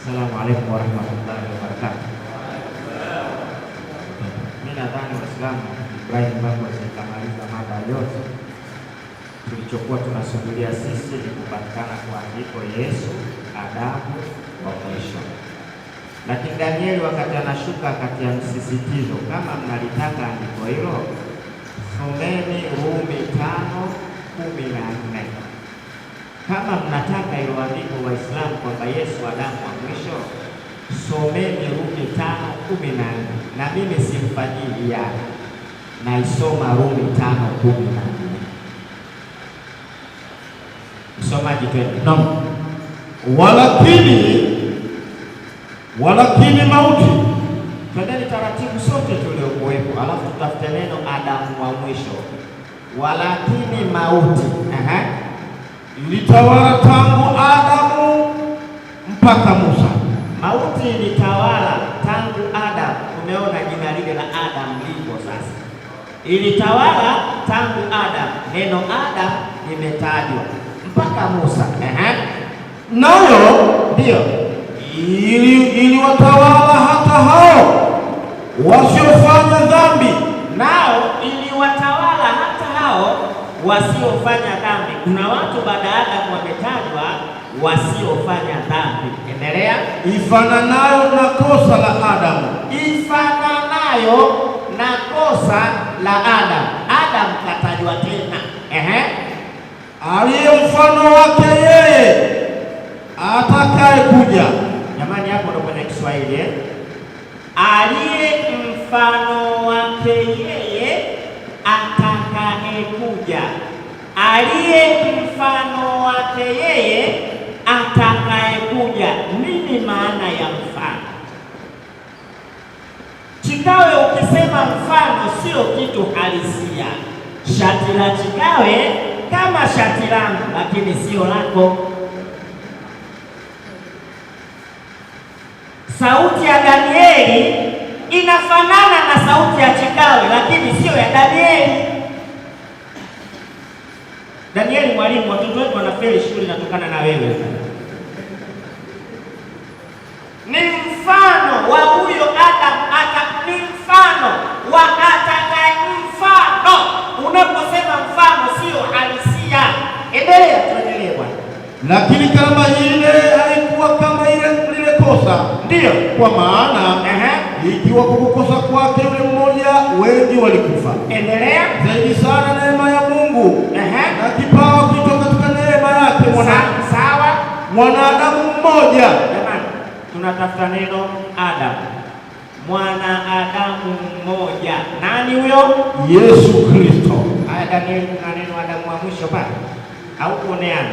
Assalamualaikum warahmatullahi wabarakatuh. Ini datang Waislamu Ibrahim Bago zikamaliza mada yote. Tulichokuwa tunasubiria sisi ni kupatikana kwa andiko Yesu adabu wa mwisho, lakini Danieli wakati anashuka kati ya msisitizo, kama mnalitaka andiko hilo someni Rumi tano kumi na nne. Kama mnataka ilo Waislamu kwamba Yesu Adamu wa mwisho, someni Rumi tano kumi na nne na mimi simfanyii hiana, naisoma Rumi tano kumi na nne Msomaji twende. No. Walakini, walakini mauti. Twendeni taratibu sote tuliokuwepo, alafu tutafute neno Adamu wa mwisho, walakini mauti. Aha ilitawala tangu Adamu mpaka Musa. Mauti ilitawala tangu Adamu. Umeona jina lile la Adamu lipo sasa, ilitawala tangu Adamu. Neno Adamu limetajwa mpaka Musa. Ehe, nayo ndiyo iliwatawala hata hao wasiofanya dhambi, nao iliwatawala hata hao wasiofanya dhambi. Kuna watu baada ya wametajwa wasiofanya dhambi. Endelea. Ifananayo na kosa la Adamu, ifananayo na kosa la Adamu. Adamu katajwa tena, ehe, aliye mfano wake yeye atakaye kuja. Jamani, hapo ndo kwenye Kiswahili eh? aliye mfano wake yeye ata aliye mfano wake yeye atakayekuja. Nini maana ya mfano? Chikawe ukisema mfano, sio kitu halisia. Shati la Chikawe kama shati langu, lakini sio lako. Sauti ya Danieli inafanana na sauti ya Chikawe, lakini sio ya Danieli. Danieli mwalimu, watoto wetu wanafeli shule inatokana na wewe. Ni mfano wa huyo Adam ata, ni mfano wa atakaye, mfano. Unaposema mfano sio halisia. Endelea, tuendelee bwana. Lakini kama ile haikuwa kama ile lile kosa, ndio kwa maana uh-huh. ikiwa kukukosa kwake yule mmoja wengi walikufa. Endelea zaidi sana, neema ya Mungu uh-huh sawa, mwanadamu mmoja. Jamani, tunatafuta neno Adamu, mwanadamu mmoja. Nani huyo? Yesu Kristo. Haya, Danieli, kuna neno Adamu wa mwisho pale au kuoneana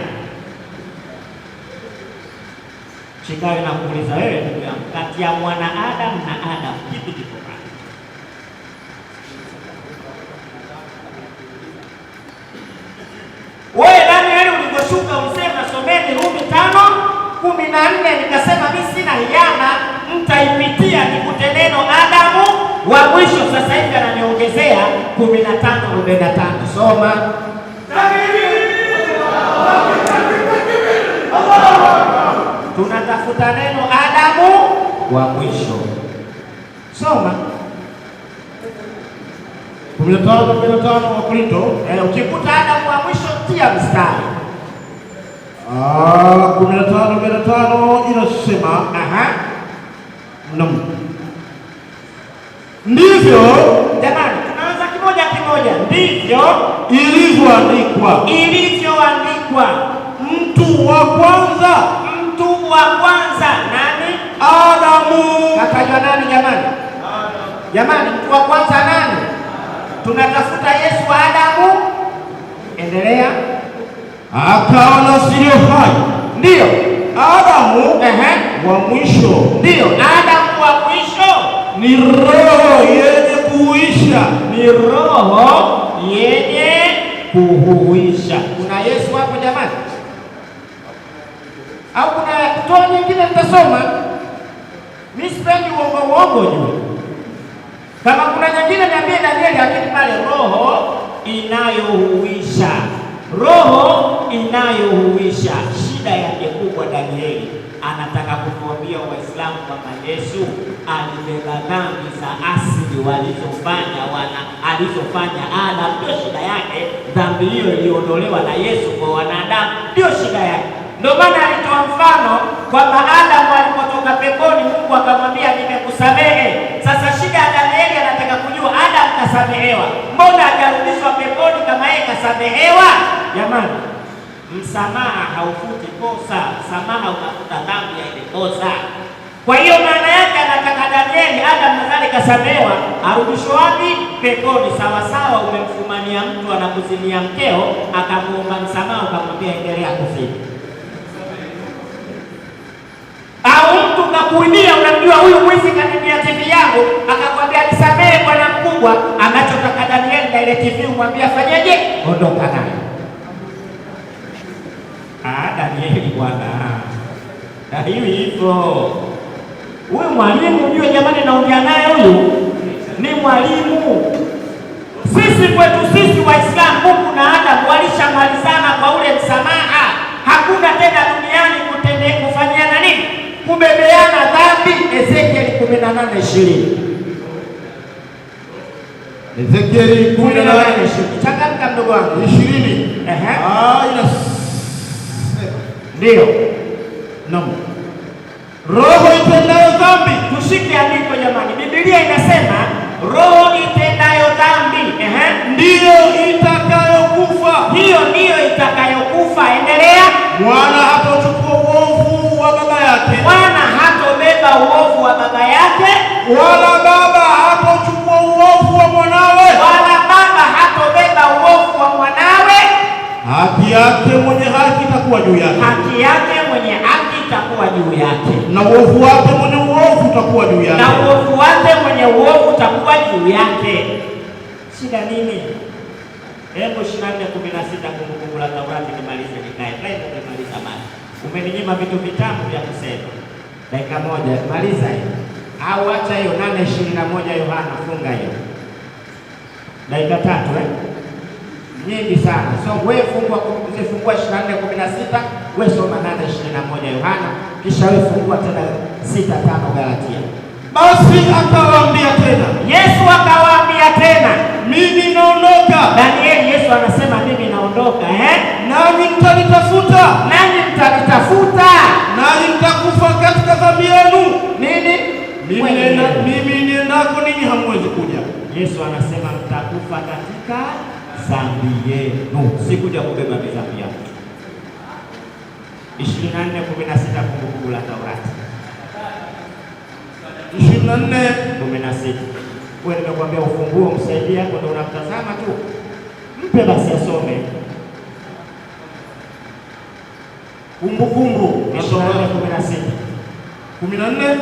chingawe na kuuliza wewe, ndugu yangu, kati ya mwana Adam na Adam kipi kipo? nikashuka usema someni Rumi tano kumi na nne nikasema mi sina hiana, mtaipitia nikute neno Adamu wa mwisho. Sasa hivi ananiongezea kumi na tano arobaini na tano soma tunatafuta neno Adamu wa mwisho, soma kumi na tano arobaini na tano Wakorinto. Eh, ukikuta Adamu wa mwisho tia mstari Ah, kumi na tano mia na tano inasema nam ndivyo jamani, tunaanza kimoja kimoja. Ndivyo ilivyoandikwa, ilivyoandikwa. Mtu wa kwanza, mtu wa kwanza nani? Adamu. Akaja nani jamani? Jamani, mtu wa kwanza nani? Tunatafuta Yesu wa Adamu. Endelea akawa na hai. Ndiyo Adamu wa mwisho, ndiyo Adamu wa mwisho ni roho yenye kuhuisha, ni roho yenye kuhuisha. Kuna Yesu hapo jamani, au kuna toa nyingine? Nitasoma mimi, sipendi uongo uongo kama kuna nyingine niambie, Danieli, lakini pale roho inayohuisha roho inayohuisha. Shida yake kubwa, Danieli anataka kumwambia Waislamu kwamba Yesu alibeba dhambi za asili walizofanya wana alizofanya Adam, ndio shida yake. Dhambi hiyo iliondolewa na Yesu kwa wanadamu, ndio shida yake. Ndio maana alitoa mfano kwamba Adamu alipotoka peponi, Mungu akamwambia nimekusamehe. Sasa shida ya Danieli, anataka kujua Adamu kasamehewa, mbona akarudishwa peponi? kama yeye kasamehewa. Jamani, msamaha haufuti kosa, msamaha unafuta dhambi ya ile kosa. Kwa hiyo maana yake anataka Danieli, Adam nadhani kasamehewa, arudishwe wapi? Peponi. Sawasawa umemfumania mtu anakuzimia mkeo, akamuomba msamaha, ukamwambia endelea kuzini au unakuimia, unamjua huyu mwizi kaniibia TV yangu, akakwambia nisamehe bwana mkubwa, anachotaka Danieli ah, na ile TV umwambia fanyeje? Ondoka nayo. Ah, Danieli bwana hiyo hivyo, huyu mwalimu huyo, jamani, naongea naye huyu ni mwalimu. Sisi kwetu sisi Waislamu, Mungu na Adamu walishamalizana kwa ule msamaha, hakuna tena duniani kutendea kufanyana nini kubebeana dhambi Ezekieli 18:20. Ezekieli 18:20. Changamka mdogo wangu. 20. Ehe. Ah, ina ndio. Naam. Roho itendayo dhambi, tushike andiko jamani. Biblia inasema roho itendayo dhambi, ehe, ndiyo itakayokufa. Hiyo ndiyo itakayokufa. Endelea. Mwana hapa wala baba hatochukua uovu wa mwanawe, wala baba hatobeba uovu wa mwanawe. Haki yake mwenye haki itakuwa juu yake, haki yake mwenye haki itakuwa juu yake, na uovu wake mwenye uovu utakuwa juu yake, na uovu wake mwenye uovu utakuwa juu yake. Shida nini? Hebu 24:16 Kumbukumbu la Torati, nimalize nikae ndio nimaliza. Basi umeninyima vitu vitamu vya kusema, dakika moja, maliza hiyo au hata hiyo nane ishirini na moja Yohana, funga hiyo dakika tatu eh? nyingi sana so wewe fungua zifungua ishirini na nne kumi na sita wewe soma nane ishirini na moja Yohana, kisha wewe fungua tena sita tano Galatia. Basi akawaambia tena, Yesu akawaambia tena, mimi naondoka. Danieli, Yesu anasema mimi naondoka eh? nani mtanitafuta, nani mtanitafuta, nani mtakufa katika dhambi yenu mimi nenda, mimi niendako ninyi hamwezi kuja. Yesu anasema mtakufa katika dhambi yenu, sikuja kubeba dhambi yako. 24:16 Kumbukumbu la Taurati 24:16. na Wewe nimekuambia ufunguo msaidia yako ndio unamtazama tu, mpe basi asome Kumbukumbu ishirini na nne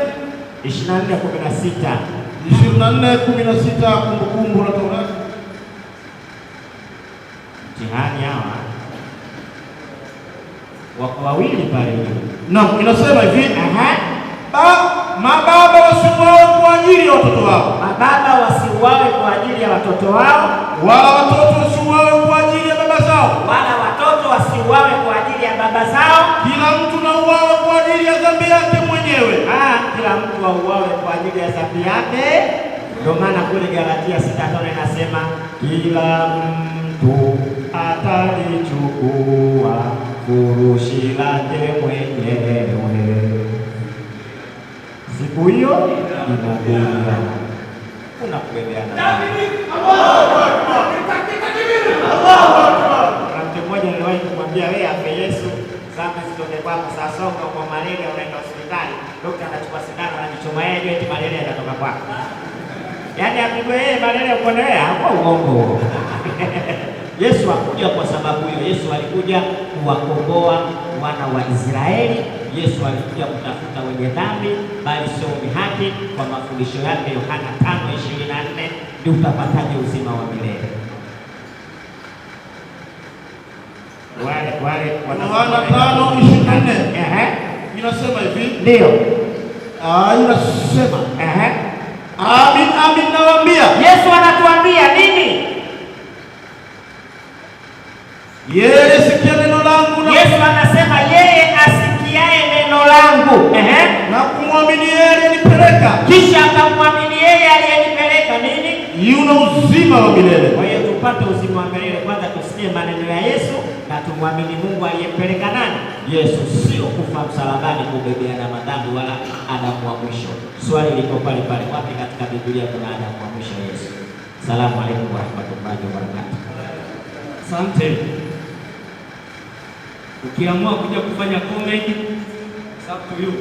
24:16 24:16 Kumbukumbu la Torati. Mtihani hawa wako wawili pale naam, inasema hivi aha, ba mababa wasiuawe kwa ajili ya watoto wao, mababa wasiuawe kwa ajili ya watoto wao, wala watoto wasiuawe kwa ajili ya baba zao, wala watoto wasiuawe kwa ajili ya baba zao. Kila mtu na uawe kwa ajili ya dhambi yake mwenyewe, kila mtu auawe kwa ajili ya dhambi yake. Ndio maana kule Galatia 6:5 inasema kila mtu atalichukua furushi lake mwenyewe siku hiyo inakuja. Unakuelewana? Mtu mmoja aliwahi kumwambia wewe, ape Yesu labda zitoke kwako, saa songa kwa malaria, unaenda hospitali, dokta anachukua sindano, anajichoma yeye juu, eti malaria inatoka kwako. Yaani apigwe yeye malaria uponea, hapo uongo. Yesu hakuja kwa sababu hiyo. Yesu alikuja kuwakomboa wana wa Israeli. Yesu alikuja kutafuta wenye dhambi, bali sio wenye haki. Kwa mafundisho yake Yohana 5:24 ndio utapataje uzima wa milele. wale wale Yohana 5:24 ehe, inasema hivi ndio, ah, inasema ehe, amin amin, nawaambia Yesu anatuambia nini? Yeye asikia neno langu na Yesu anasema yeye asikiaye neno langu na kumwamini yeye aliyenipeleka, kisha akamwamini yeye aliyenipeleka nini, yuna uzima wa milele. Kwa hiyo tupate uzima wa milele, kwanza tusikie maneno ya Yesu na tumwamini Mungu aliyempeleka nani? Yesu, sio kufa msalabani kubebea na madhambi wala Adamu wa mwisho. Swali liko pale pale, wapi katika Biblia kuna Adamu wa mwisho Yesu? Salamu alaykum wa barakatuh. Asante. Ukiamua kuja kufanya comment, it's up to you.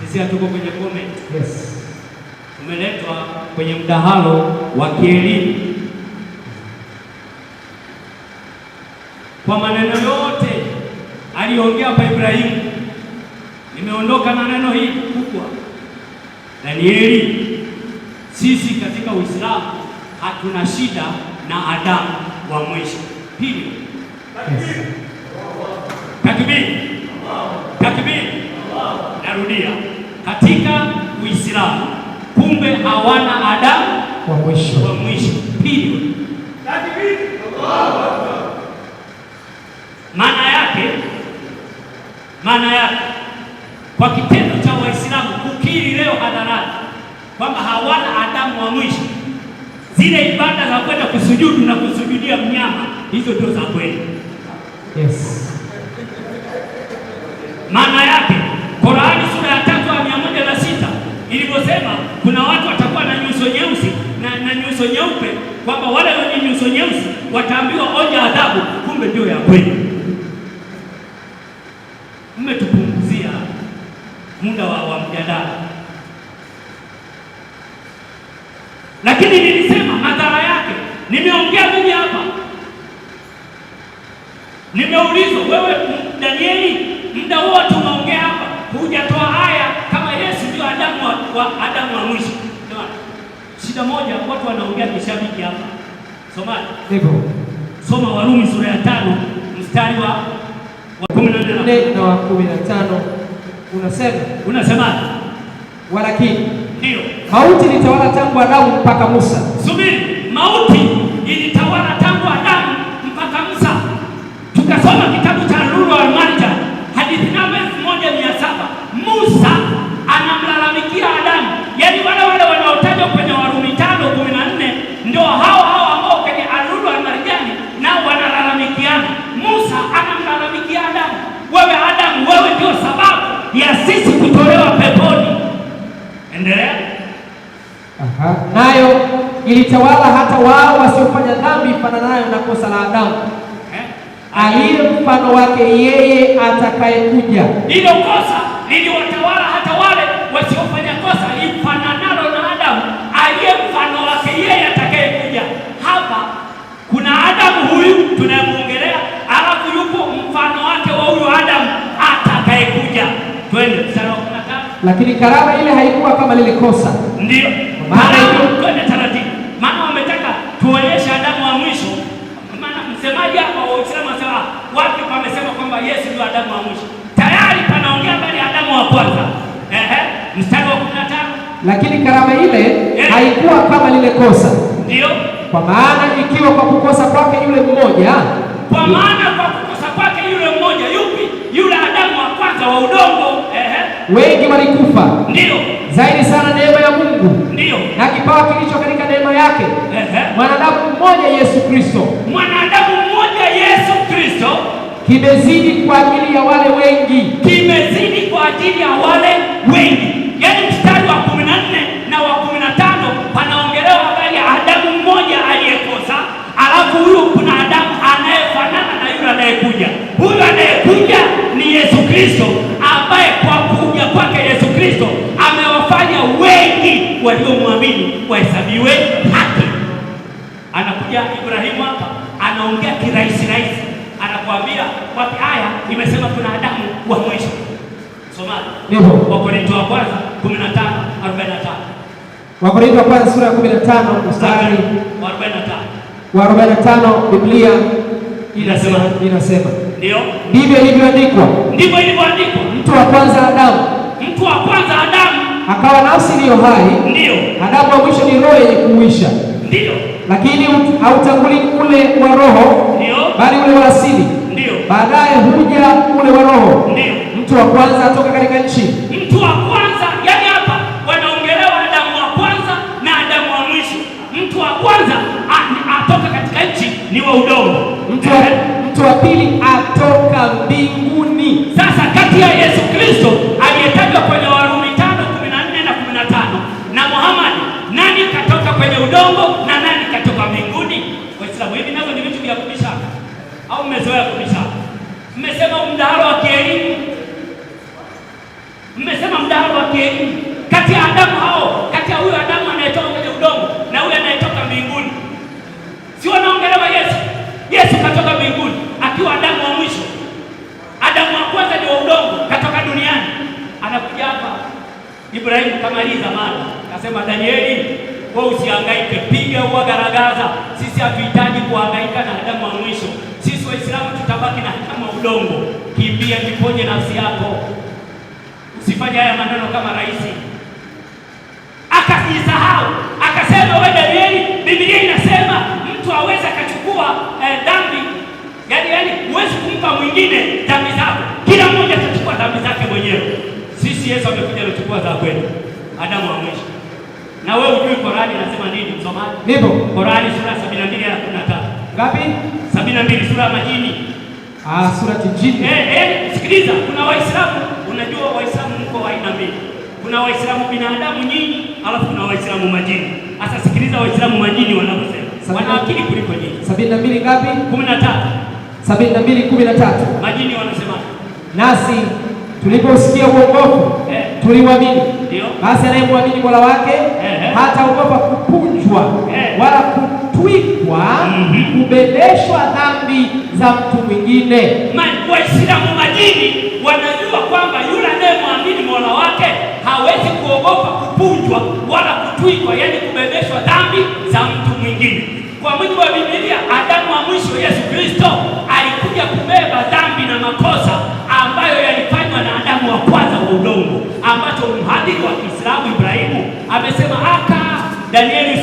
Sisi hatuko kwenye comment. Yes. Umeletwa kwenye mdahalo wa kielimu kwa maneno yote aliyoongea kwa Ibrahimu. Nimeondoka na neno hili kubwa, Danieli. Sisi katika Uislamu hatuna shida na adamu wa mwisho. Pili, takbiri, takbiri. Narudia, katika Uislamu kumbe hawana mwisho, wa mwisho. Pili kwa kitendo cha Waislamu kukiri leo hadharani kwamba hawana Adamu wa mwisho, zile ibada za kwenda kusujudu na kusujudia mnyama, hizo ndio za kweli. Yes, maana yake Qurani sura ya tatu aya mia moja na sita ilivyosema kuna watu watakuwa na nyuso nyeusi na, na nyuso nyeupe, kwamba wale wenye nyuso nyeusi wataambiwa onja adhabu, kumbe ndio ya kweli. lakini nilisema madhara yake. Nimeongea mimi hapa, nimeulizwa wewe, Danieli, muda wote unaongea hapa, hujatoa haya kama Yesu ndio Adamu wa, wa Adamu wa mwisho. Shida moja, watu wanaongea kishabiki hapa. Soma hivyo, soma Warumi sura ya tano mstari wa na wa kumi na tano unasema unasema, walakini ndio. Mauti ilitawala tangu Adamu mpaka Musa. Subiri, mauti ilitawala tangu Adamu mpaka Musa. Tukasoma kitabu cha Nuru wa Imani kisha wala hata wao wasiofanya dhambi fananayo na kosa la Adamu eh? aliye mfano wake yeye atakayekuja. Hilo kosa liliwatawala hata wale wasiofanya kosa lifananalo na Adamu aliye mfano wake yeye atakayekuja. Hapa kuna Adamu huyu tunayemwongelea, alafu yupo mfano wake wa huyu Adamu atakayekuja. Twende mstari wa Lakini karama ile haikuwa kama lile kosa, ndio maana juu Adamu wa mwisho. Tayari panaongea habari ya Adamu wa kwanza. Ehe, mstari wa 15. Lakini karama ile ehe, haikuwa kama lile kosa. Ndio. Kwa maana ikiwa kwa kukosa kwake yule mmoja, kwa maana kwa kukosa kwake yule mmoja, yupi? Yule Adamu wa kwanza wa udongo. Ehe, wengi walikufa. Ndio. Zaidi sana neema ya Mungu. Ndio. Na kipawa kilicho katika neema yake. Ehe, mwanadamu mmoja Yesu Kristo. Mwanadamu kimezidi kwa ajili ya wale wengi, kimezidi kwa ajili ya wale wengi. Yaani mstari wa kumi na nne na wa kumi na tano panaongelewa habari ya Adamu mmoja aliyekosa, alafu huyu kuna Adamu anayefanana na yule anayekuja. Huyu anayekuja ni Yesu Kristo, ambaye kwa kuja kwake Yesu Kristo amewafanya wengi waliomwamini wahesabiwe haki. Anakuja Ibrahimu hapa anaongea kirahisi rahisi wapi? haya imesema kuna Adamu wa mwisho. Somali wakorinto wa kwanza 15:45 Wakorintho wa kwanza sura ya 15 mstari wa 45 wa 45 Biblia inasema inasema ndio, ndivyo ilivyoandikwa, ndivyo ilivyoandikwa, mtu wa kwanza Adamu, mtu wa kwanza Adamu akawa nafsi iliyo hai, ndio Adamu wa mwisho ni roho yenye kuuisha, ndio, lakini hautangulii ule wa roho, ndio, bali ule wa asili baadaye huja ule wa roho, mtu wa kwanza atoka katika nchi. Mtu wa kwanza, yani hapa wanaongelea Adamu wa kwanza na Adamu wa mwisho. Mtu wa kwanza atoka katika nchi, ni wa udongo. Mtu wa, mtu wa pili atoka mbinguni. Sasa kati ya Yesu Kristo mmezoea kubishana, mmesema mdahalo wa kielimu, mmesema mdahalo wa kielimu kati ya Adamu hao, kati ya huyo Adamu anayetoka kwenye udongo na huyo anayetoka mbinguni, si wanaongelewa Yesu. Yesu katoka mbinguni akiwa Adamu wa mwisho. Adamu wa kwanza ni wa udongo, katoka duniani, anakuja hapa. Ibrahimu kamaliza mada, kasema Danieli, wewe usihangaike, piga uwagaragaza, sisi hatuhitaji kuhangaika na Adamu wa mwisho sisi Waislamu tutabaki na kama udongo. Kimbia, jiponye nafsi yako, usifanye haya maneno kama rais akajisahau akasema, wewe Danieli, Biblia inasema mtu aweza akachukua eh, dhambi yani, yani huwezi kumpa mwingine dhambi zako, kila mmoja atachukua dhambi zake mwenyewe. Sisi Yesu amekuja kuchukua za kwetu, Adamu wa mwisho. Na wewe ujui Qur'ani inasema nini msomaji? Nipo Qur'ani sura 72 aya ngapi? mbili sura ya majini. Ah, sura jini. Eh, eh, sikiliza, kuna Waislamu, unajua Waislamu mko aina mbili. Kuna Waislamu binadamu nyinyi, alafu kuna Waislamu majini. Sasa sikiliza Waislamu majini wanaposema Wana akili kuliko nyinyi. mbili ngapi? 13. 72 13. Majini wanasema nasi tuliposikia uongofu eh, ndio Basi anayemwamini Mola wake eh, eh, hata hataogopa kupunjwa eh, wala kupunjwa kutwikwa, mhm. kubebeshwa dhambi za mtu mwingine. Waislamu majini wanajua kwamba yule anayemwamini Mola wake hawezi kuogopa kupunjwa wala kutwikwa, yani kubebeshwa dhambi za mtu mwingine. Kwa mujibu wa Biblia, Adamu wa mwisho Yesu Kristo alikuja kubeba dhambi na makosa ambayo yalifanywa na Adamu wa kwanza wa udongo, ambacho mhadiri wa Kiislamu Ibrahimu amesema aka Danieli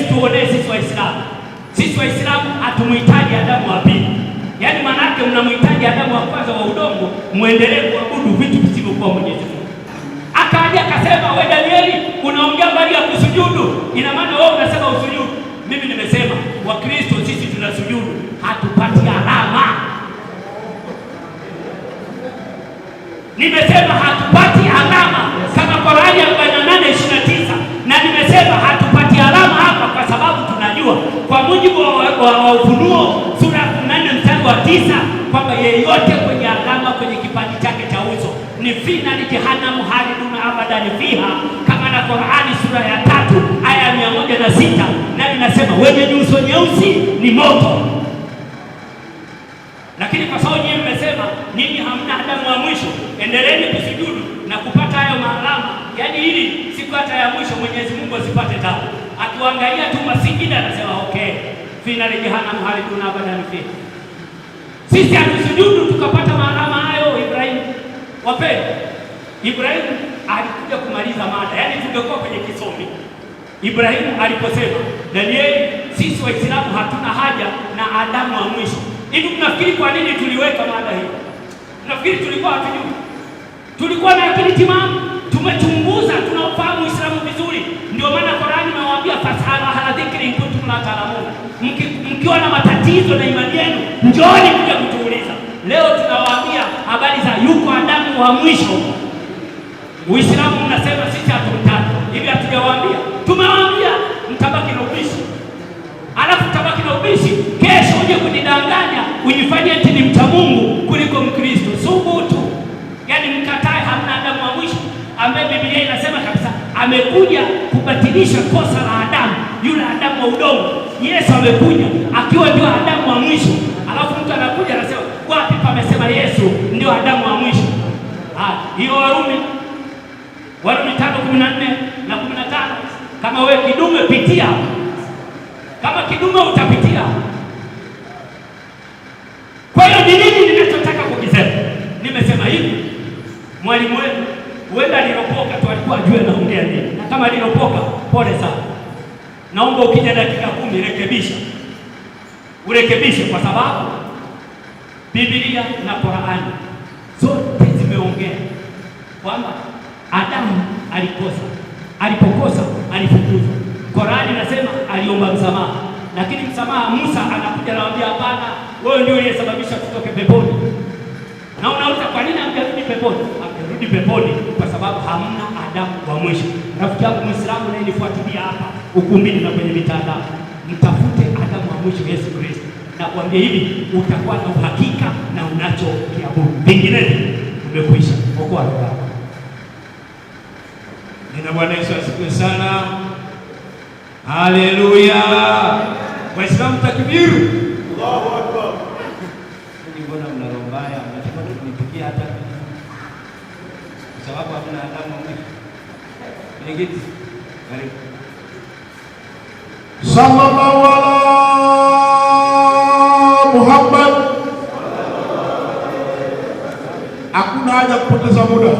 hatumhitaji Adamu wa pili. Yaani yake mnamhitaji Adamu wa kwanza wa udongo, muendelee kuabudu vitu visivyokuwa Mwenyezi Mungu. Akaja akasema, we Danieli, unaongea habari ya kusujudu, ina maana wewe unasema usujudu. Mimi nimesema Wakristo sisi tunasujudu, hatupati alama. Nimesema hatupati alama kama Korani mujibu wa Ufunuo sura ya kumi mstari wa tisa kwamba yeyote kwenye alama kwenye kipande chake cha uso ni fina ni jehanamu haliduna abadani fiha, kama na Qur'ani sura ya tatu aya ya mia moja na sita na linasema wenye nyuso nyeusi ni moto. Lakini kwa sababu nyinyi mmesema ninyi hamna Adamu wa mwisho, endeleeni kusujudu na kupata hayo maalama, yaani ili siku hata ya mwisho Mwenyezi Mungu asipate tabu, akiwaangalia tu masijida anasema fi nari jahannam khaliduna abadan fi. Sisi hatusujudu tukapata maalama hayo Ibrahim. wape Ibrahim alikuja kumaliza mada, yaani tungekuwa kwenye kisomi. Ibrahimu aliposema Danieli, sisi Waislamu hatuna haja na Adamu wa mwisho. Hivi mnafikiri kwa nini tuliweka mada hii? nafikiri tulikuwa hatujui? Tulikuwa na akili timamu, tumechunguza, tunaufahamu Uislamu vizuri. Ndio maana Qur'ani imewaambia fasala haladhikri mnataka Mungu. Mkiwa na matatizo na imani yenu, njooni kuja kutuuliza. Leo tunawaambia habari za yuko Adamu wa mwisho. Uislamu unasema sisi hatumtaki. Hivi hatujawaambia? Tumewaambia mtabaki na ubishi. Alafu tabaki na ubishi, kesho uje kujidanganya, ujifanye eti ni mcha Mungu kuliko Mkristo. Subutu. Yaani mkatae hamna Adamu wa mwisho ambaye Biblia inasema kabisa amekuja kubatilisha kosa la Adamu yule Adamu wa udongo. Yesu amekuja akiwa ndio Adamu wa mwisho, alafu mtu anakuja anasema wapi pamesema Yesu ndio Adamu wa mwisho? Hiyo Warumi, Warumi tano kumi na nne na kumi na tano Kama wewe kidume, pitia kama kidume utapitia. Kwa hiyo ni nini ninachotaka kukisema? Nimesema hivi, mwalimu wenu huenda aliropoka tu, alikuwa ajue naongea nini, na kama aliropoka, pole sana naomba ukija dakika kumi rekebisha, urekebishe, kwa sababu Biblia na Qur'ani zote zimeongea kwamba Adamu alikosa, alipokosa alifukuzwa. Qur'ani nasema aliomba msamaha, lakini msamaha, Musa anakuja anamwambia hapana, wewe ndio uliyesababisha tutoke peponi. Na unauliza kwa nini amjarudi peponi? Amjarudi peponi kwa sababu hamna Adamu wa mwisho. Rafiki yangu Muislamu, naye hapa ukumbini na kwenye mitandao, mtafute Adamu wa mwisho Yesu Kristo. Nakwambia hivi, utakuwa na uhakika na unachokiabudu, vinginevyo umekwisha. Okoa roho yako. Nina Bwana Yesu asifiwe sana, haleluya. Waislamu takbiru, Allahu akbar. Mbona mna roho mbaya, mnataka kunipigia hata kwa sababu hamna Adamu wa mwisho. Karibu sallallahu ala Muhammad. Hakuna haja kupoteza muda.